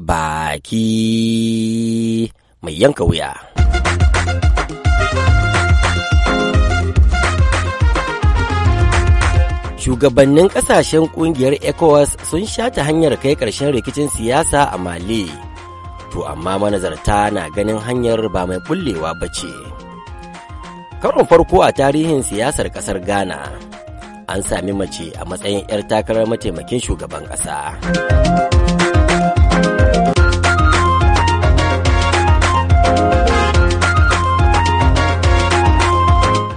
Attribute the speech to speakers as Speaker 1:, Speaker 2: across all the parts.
Speaker 1: baki mai yanka wuya. Shugabannin ƙasashen ƙungiyar ECOWAS sun sha ta hanyar kai ƙarshen rikicin siyasa a Mali. To amma manazarta na ganin hanyar ba mai bullewa ba ce. Karon farko a tarihin siyasar ƙasar Ghana, an sami mace a matsayin 'yar takarar mataimakin shugaban ƙasa.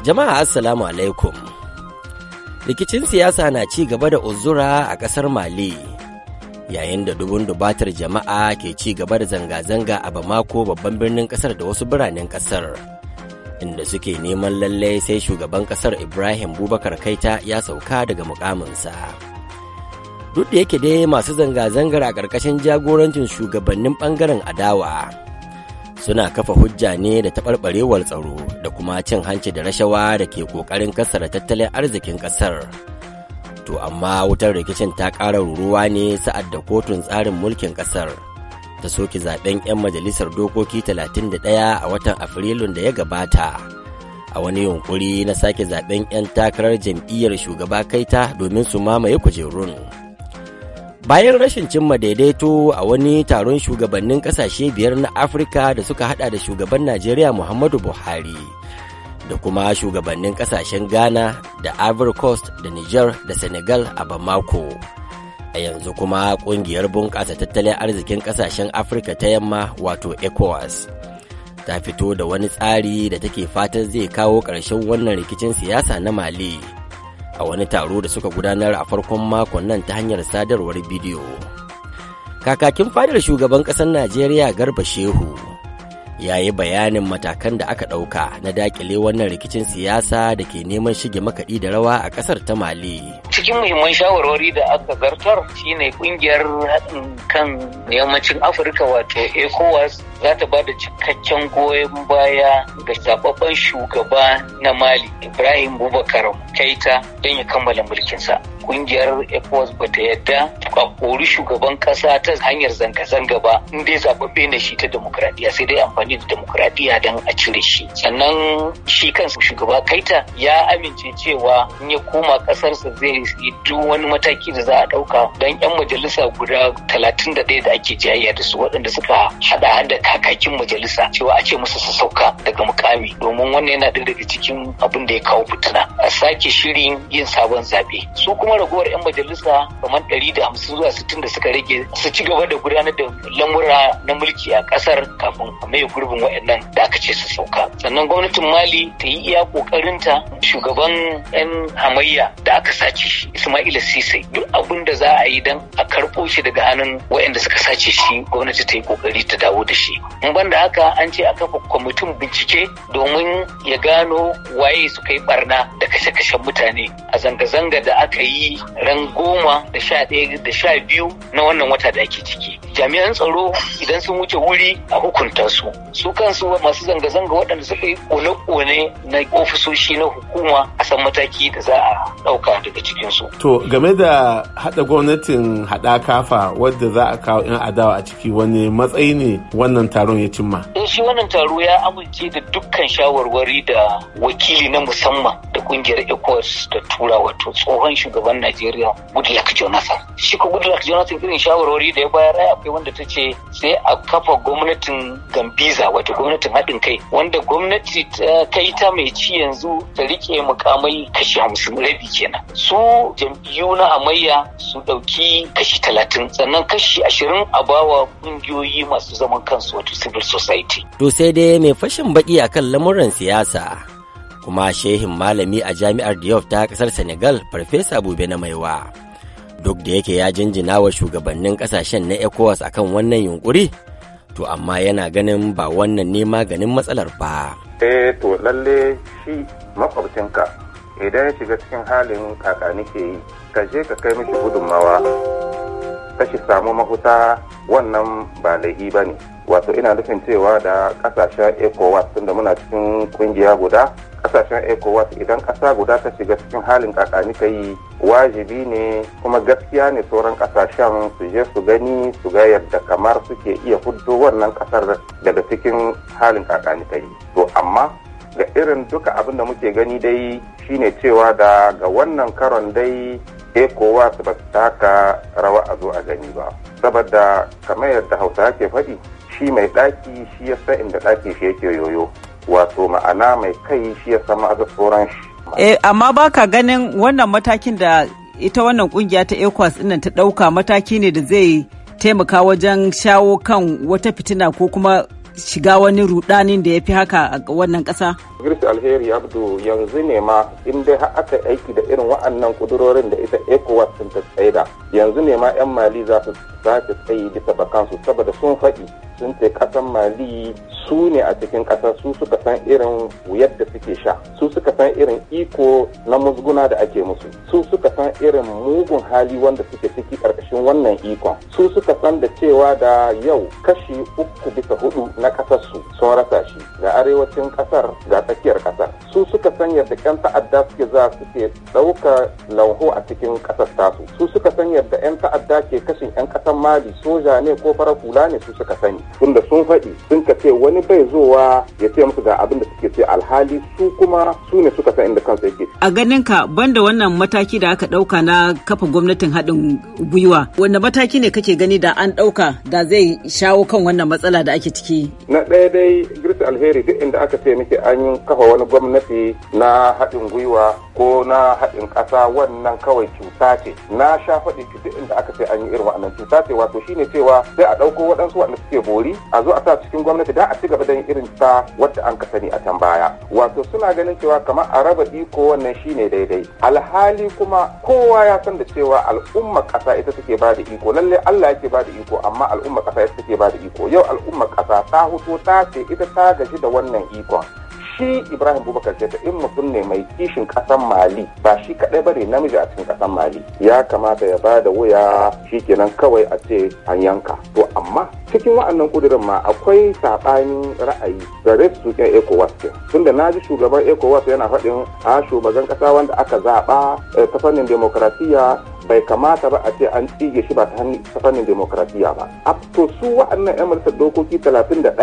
Speaker 1: Jama'a Assalamu alaikum. Rikicin siyasa na ci gaba da uzura a ƙasar Mali, yayin da dubun dubatar jama'a ke ci gaba da zanga-zanga a Bamako babban birnin ƙasar da wasu biranen ƙasar, inda suke neman lalle sai shugaban ƙasar Ibrahim Bubakar Kaita ya sauka daga mukaminsa. Duk da yake dai masu zanga-zangar a ƙarƙashin jagorancin shugabannin ɓangaren adawa. suna kafa hujja ne da taɓarɓarewar tsaro da kuma cin hanci da rashawa da ke ƙoƙarin kasar tattalin arzikin ƙasar. To amma wutar rikicin ta ƙara ruruwa ne sa'ad da kotun tsarin mulkin ƙasar ta soke zaɓen 'yan majalisar dokoki 31 a watan Afrilun da ya gabata. A wani yunƙuri na sake zaɓen 'yan takarar jam'iyyar shugaba kaita domin su mamaye kujerun. bayan rashin cimma daidaito a wani taron shugabannin kasashe biyar na afirka da suka hada da shugaban najeriya muhammadu buhari da kuma shugabannin kasashen ghana da ivory coast da niger da senegal a bamako a yanzu kuma kungiyar bunƙasa tattalin arzikin kasashen afirka ta yamma wato ecowas ta fito da wani tsari da take fatan zai kawo ƙarshen wannan rikicin siyasa na mali a wani taro da suka gudanar a farkon makon nan ta hanyar sadarwar bidiyo. Kakakin fadar shugaban ƙasar Najeriya Garba Shehu ya yi bayanin matakan da aka ɗauka na dakile wannan rikicin siyasa da ke neman shige makaɗi da rawa a ƙasar ta Mali.
Speaker 2: Cikin muhimman shawarwari da aka zartar ne ƙungiyar haɗin kan yammacin Afirka wato ECOWAS za ta ba da cikakken goyon baya ga zababben shugaba na Mali Ibrahim Bubakar Keita don ya kammala mulkinsa. Ƙungiyar ECOWAS ba ta yadda a kori shugaban ƙasa ta hanyar zanga-zanga ba in dai zaɓaɓɓe na shi ta demokradiyya sai dai amfani mulkin demokradiyya don a cire shi sannan shi kansa shugaba kaita ya amince cewa in ya koma ƙasarsa zai yi duk wani mataki da za a ɗauka don 'yan majalisa guda talatin da ɗaya da ake jayayya da su waɗanda suka haɗa da kakakin majalisa cewa a ce musu su sauka daga mukami domin wannan yana ɗaya daga cikin abin da ya kawo fitina a sake shirin yin sabon zaɓe su kuma ragowar 'yan majalisa kamar ɗari da hamsin zuwa sittin da suka rage su ci gaba da gudanar da lamura na mulki a ƙasar kafin a mai gurbin waɗannan da aka ce su sauka sannan gwamnatin mali ta yi iya ƙoƙarinta shugaban 'yan hamayya da aka sace shi ismaila sise duk abin da za a yi don a karɓo shi daga hannun waɗanda suka sace shi gwamnati ta yi ƙoƙari ta dawo da shi in ban da haka an ce a kafa kwamitin bincike domin ya gano waye suka yi barna da kashe kashe mutane a zanga-zanga da aka yi ran goma da sha ɗaya da sha biyu na wannan wata da ake ciki jami'an tsaro idan sun wuce wuri a hukunta su su kansu masu zanga-zanga waɗanda suka yi kone-kone na ofisoshi na hukuma a san mataki da za a ɗauka daga cikinsu.
Speaker 3: To game da haɗa gwamnatin haɗa kafa wadda za a kawo 'yan adawa a ciki wani matsayi ne wannan taron ya cimma?
Speaker 2: In eh, shi wannan taro ya amince da dukkan shawarwari da wakili na musamman kungiyar ecowas da tura wato tsohon shugaban najeriya goodluck jonathan shi ko goodluck jonathan irin shawarwari da ya bayar ai akwai wanda ta ce sai a kafa gwamnatin gambiza wato gwamnatin haɗin kai wanda gwamnati ta kai ta mai ci yanzu ta rike mukamai kashi hamsin rabi kenan su jam'iyyu na amayya su ɗauki kashi talatin sannan kashi
Speaker 1: ashirin a bawa ƙungiyoyi masu zaman kansu wato civil society. To sai dai mai fashin baki akan lamuran siyasa kuma shehin malami a jami'ar Diop ta kasar Senegal Farfesa Bube na Maiwa. Duk da yake ya jinjina wa shugabannin kasashen na ECOWAS akan wannan yunkuri, to amma yana ganin ba wannan ne maganin matsalar ba.
Speaker 3: Eh to lalle shi makwabcinka idan ya shiga cikin halin kaka ke yi, ka je ka kai mishi gudunmawa Ka shi samu mahuta wannan ba laifi ba ne. Wato ina nufin cewa da kasashen ECOWAS tunda muna cikin kungiya guda kasashen ecowas idan kasa guda ta shiga cikin halin kakani ka yi wajibi ne kuma gaskiya ne sauran kasashen su je su gani su ga yadda kamar suke iya fuddo wannan kasar daga cikin halin kakani ka yi to amma ga irin duka abin da muke gani dai shine cewa da ga wannan karon dai ecowas ba su taka rawa a zo a gani ba saboda kamar yadda hausa ke faɗi shi mai ɗaki shi ya sa inda ɗaki shi yake yoyo wato ma'ana mai kai shi ya sama a tsoron shi.
Speaker 1: Eh, amma ba ka ganin wannan matakin da ita wannan kungiya ta ECOWAS ɗinnan ta ɗauka mataki ne da zai taimaka wajen shawo kan wata fitina ko kuma shiga wani rudanin da ya fi haka a wannan kasa?
Speaker 3: Grace Alheri Abdu yanzu ne ma in dai aka aiki da irin wa'annan kudurorin da ita ECOWAS sun ta tsaida yanzu ne ma 'yan Mali za su sake tsayi bisa bakansu saboda sun faɗi sun ce ƙasan Mali su ne a cikin ƙasa su suka san irin wuyar da suke sha su suka san irin iko na musguna da ake musu su suka san irin mugun hali wanda suke ciki ƙarƙashin wannan ikon su suka san da cewa da yau kashi uku bisa hudu na kasar su sun rasa shi ga arewacin ƙasar ga tsakiyar kasar su suka san yadda yan ta'adda suke za suke ɗauka lauho a cikin kasar tasu su suka san yadda yan ta'adda ke kashin yan kasar mali soja ne ko farar kula ne su suka sani tunda sun faɗi sun ka ce wani bai zowa ya ce musu ga abin da suke ce alhali su kuma su ne suka san inda kansu yake.
Speaker 1: A ganin ka banda wannan mataki da aka ɗauka na kafa gwamnatin haɗin gwiwa wanda mataki ne kake gani da an ɗauka da zai shawo kan wannan matsala da ake ciki.
Speaker 3: Na ɗaya dai Grace Alheri duk inda aka ce miki an yi kafa wani gwamnati na haɗin gwiwa ko na haɗin ƙasa wannan kawai cuta ce. Na sha faɗi duk inda aka ce an yi irin wannan cuta ce wato shine cewa sai a ɗauko waɗansu waɗanda suke bori a zo a sa cikin gwamnati da a ci gaba da yin irin ta wadda an ka sani a can ba. baya wato suna ganin cewa kamar a raba iko wannan shine daidai alhali kuma kowa ya san da cewa al'umma kasa ita take ba da iko lalle Allah yake ba da iko amma al'umma ƙasa ita take ba da iko yau al'umma ƙasa ta huto ta ce ita ta gaji da wannan ikon shi ibrahim bubakar jada in mutum ne mai kishin kasan mali ba shi kaɗai bane namiji a cikin kasan mali ya kamata ya ba da wuya kenan kawai a ce an yanka to amma cikin wa'annan kudirin ma akwai saɓanin ra'ayi da su ke ecowas din tunda na ji shugaban ecowas yana faɗin a shugaban ƙasa wanda aka zaɓa eh, ta fannin bai kamata ba a ce an tsige shi ba ta fannin demokradiyya ba a to su wa'annan yan majalisar dokoki 31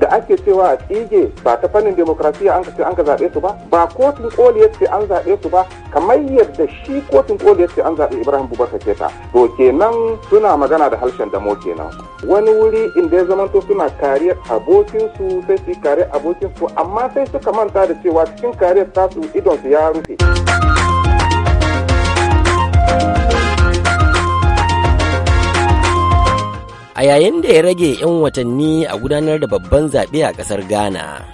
Speaker 3: da ake cewa a tsige ba ta fannin demokradiyya an ce an ka zaɓe su ba ba kotun koli ya ce an zaɓe su ba kamar yadda shi kotun koli ya ce an zaɓe ibrahim bubakar keta to kenan suna magana da harshen damo kenan wani wuri inda ya zamanto suna kariyar abokinsu sai su yi kariyar abokinsu amma sai suka manta da cewa cikin kariyar tasu su ya rufe.
Speaker 1: a yayin da ya rage 'yan watanni a gudanar da babban zaɓe a ƙasar ghana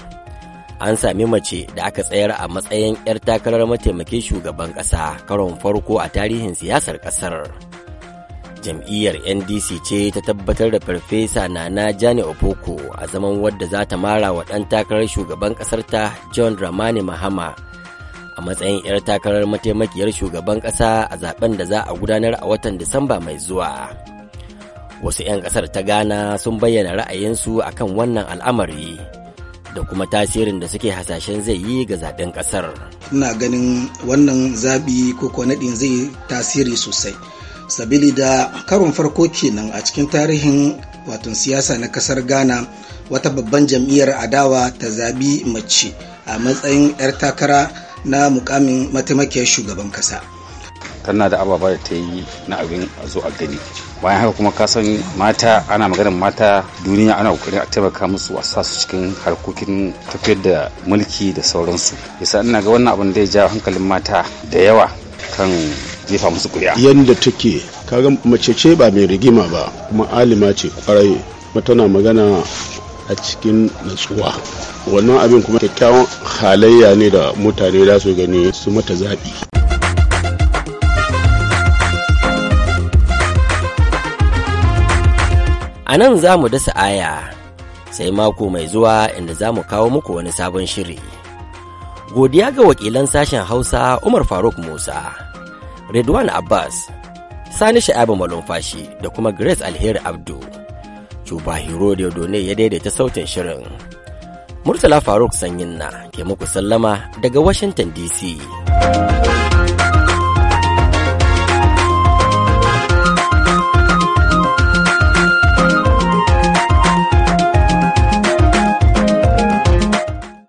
Speaker 1: an sami mace da aka tsayar a matsayin 'yar takarar mataimakin shugaban ƙasa karon farko a tarihin siyasar ƙasar jam'iyyar ndc ce ta tabbatar da farfesa na jani opoku a zaman wadda za ta mara wa ɗan takarar shugaban ƙasar ta john dramani mahama a matsayin 'yar takarar mataimakiyar shugaban ƙasa a zaben da za a gudanar a watan disamba mai zuwa. wasu 'yan ƙasar ta ghana sun bayyana ra'ayinsu kan wannan al'amari da kuma tasirin da suke hasashen zai yi ga zaɓen kasar. Ina ganin wannan zabi ko kwanadin zai tasiri sosai. Sabili da karon farko kenan a cikin tarihin watan siyasa na kasar Ghana wata babban jam'iyyar adawa ta zabi mace a matsayin 'yar takara na mukamin mataimakiyar shugaban kasa.
Speaker 3: Tana da ababa da ta yi na abin zo a gani. bayan haka kuma kasan mata ana maganar mata duniya ana kokarin a taimaka musu a sasu su cikin harkokin tafiyar da mulki da sauransu yasa ina ga wannan abin da ya ja hankalin mata da yawa kan jefa musu kuri'a yadda take kaga mace ce ba mai rigima ba kuma alima ce kwarai kuma tana magana a cikin natsuwa wannan abin kuma kyakkyawan halayya ne da mutane za su gani su mata zaɓi
Speaker 1: A nan za mu dasa aya, sai mako mai zuwa inda za mu kawo muku wani sabon shiri. Godiya ga wakilan sashen Hausa Umar Faruk Musa, Redwan Abbas, Sani Sha'abu Malumfashi da kuma Grace Alheri Abdu. Cuba Hero Diodone ya daidaita sautin shirin. Murtala Faruk Sanyin na ke muku sallama daga Washington DC.